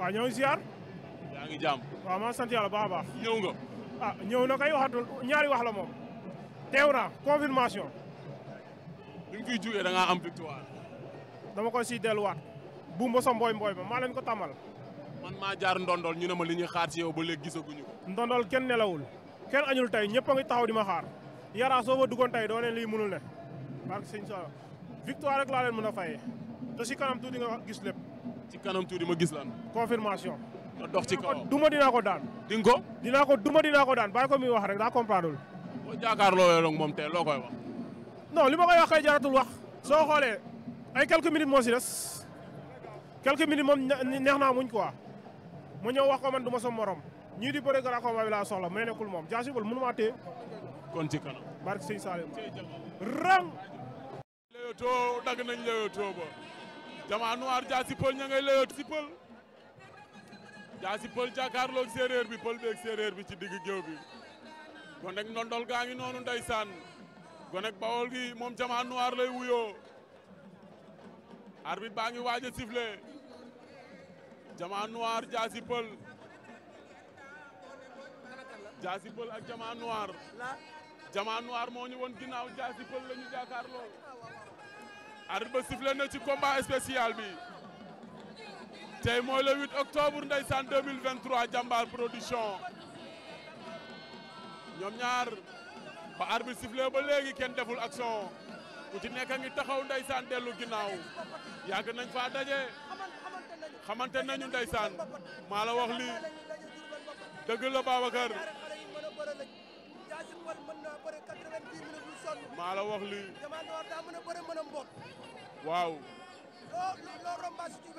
waaw ñoo ngi ziar. yaa ngi jàmm. waaw maa sant yàlla baax a nga. ah ñëw na kay waxatul ñaari wax la moom. teew naa confirmation. bi nga fiy jugee da ngaa am victoire. dama ko siy delluwaat. buumba sa mbooy mbooy ma maa leen ko tàmmal. man maa jaar ndondol ñu ne li ñuy xaar ci yow ba léegi gisaguñu ko. ndondol kenn nelawul kenn añul tey ñëpp a taxaw di ma xaar. yaraa soo fa duggoon tey doo leen lii mënul ne. parce que sëñ victoire rek laa leen mën a te si kanam tuuti nga gis lépp ci kanam tuuti ma gis lan confirmation nga dox ci kaw duma dinaa ko daan di nga ko dinaa ko duma dinaa ko daan bàyyi ko muy wax rek daa comprendre boo jàkkaarloo lo moom tey loo koy wax non li ma koy wax kay jaratul wax soo xoolee ay quelques minutes moo si des quelques minutes moom neex muñ quoi mu ñëw wax ko man du ma sa morom ñii di bëre grand combat bi laa soxla may nekkul moom jaasi bal mënu kon ci kanam barke sëñ Salim rang léyotoo dagg nañ léyotoo ba Diamant Noir Diassy Peulh ña ngay layoot si Peulh Diassy Peulh jàkkaarloog séeréer bi Peulh beeg séeréer bi ci digg géew bi kon nag ndondol gaa ngi noonu ndeysaan kon nag bawol gi moom Diamant Noir lay wuyoo arbitre baa ngi waaj a sifflé Diamant Noir Diassy Peulh Diassy ak Diamant Noir Diamant Noir moo ñu won ginnaaw Diassy Peulh la ñu jàkkaarloo arbitre ba sifflé na ci combat spécial bi tey mooy le 8 octobre ndeysaan 2023 Jambar production ñoom ñaar ba arbitre sifflé ba léegi kenn deful action ku ci nekk a ngi taxaw ndeysaan dellu ginnaaw yàgg nañ faa daje xamante nañu ndeysaan maa la wax li dëgg la Jamal mën naa bëre quatre-vingt-dix minutes maa la wax lii. Jamal Noir daa mën a bëre mën a mboot. waaw. loo loo rombaas moom.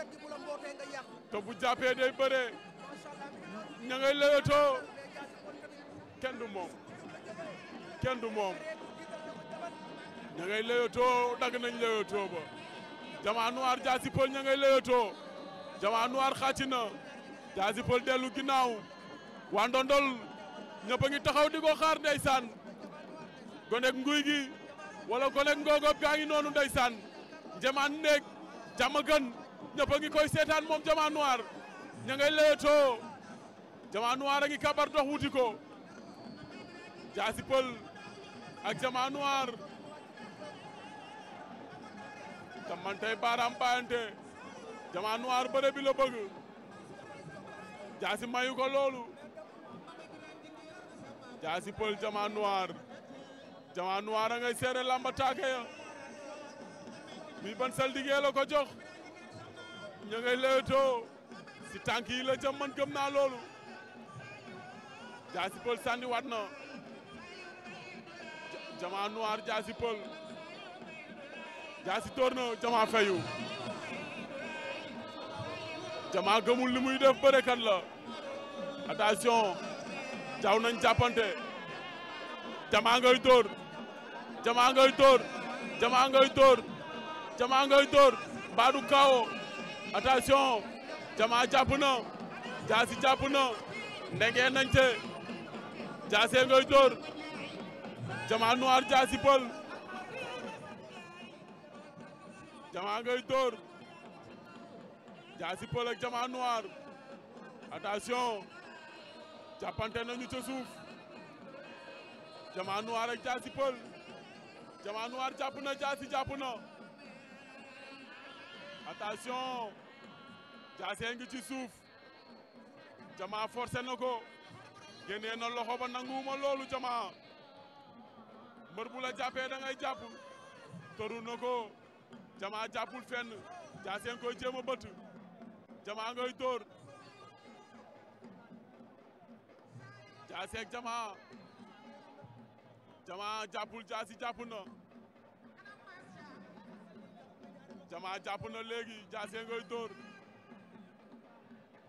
kenn moom. ña ngay lëyatoo dagg nañ lëyatoo ba. Jamal Noir Diassy Peul ña ngay lëyatoo. Jamal Noir xàcc na. Diassy Peul ñëpp a ngi taxaw di ko xaar saan gonek nguy gi wala gonek ngoogob gaa ngi noonu ndeysaan njamaan nekk jama gën ngi koy seetaan moom jama noir ña ngay leetoo jama noir a ngi kabar dox wuti ko jaasi pël ak jama noir tamantey baaraam baayante jama noir bi la bëgg jaasi mayu loolu Diassy Peulh Diamant Noir Diamant Noir a ngay seere lamba taake ya ban sal la ko jox ña ngay leetoo si tànk la jëm man gëm naa loolu Diassy Peulh sànni waat na Diamant Noir Diassy Peulh Diassy na Diamant fayu Diamant gëmul li muy def bërekat la attention जाऊन चापंटे जमांगोर जमांगोर जमांगोर जमांगोर बारुकाओ अटाशो जमा चापुन जासी चापुन नेगे नंचे जासे गोर जमानु आर जासी पल जमांगोर जासी पल जमानु आर अटाशो jàppante nañu ca suuf Diamant Noir ak Diassy Peulh Diamant Noir jàpp na Diassy jàpp na attention Diassy a ngi ci suuf Diamant forcé na ko génnee na loxo ba nanguwuma loolu Diamant mbër bu la jàppee da ngay jàpp toru na ko Diamant jàppul fenn Diassy a ngi koy jéem Thiassé ak Diama Diama jàppul Thiassé jàpp na Diama jàpp na léegi Thiassé ngay dóor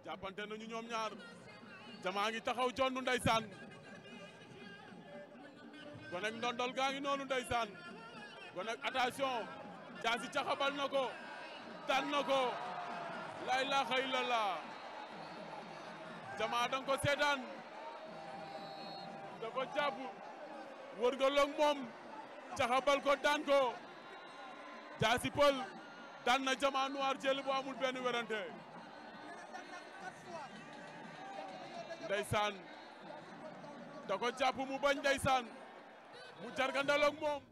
jàppante nañu ñoom ñaar Diama ngi taxaw jonnu ndeysaan kon ak ndondol gaa ngi noonu ndeysaan kon ak attention Thiassé caxabal na ko daan na ko lay laa xëy la laa Diama danga ko seetaan da ko jàpp wërngaloog moom caxabal ko daan ko jaasi pël daan na Diamant Noir jël bu amul benn werante ndeysaan da ko mu bañ ndeysaan mu jargandaloog moom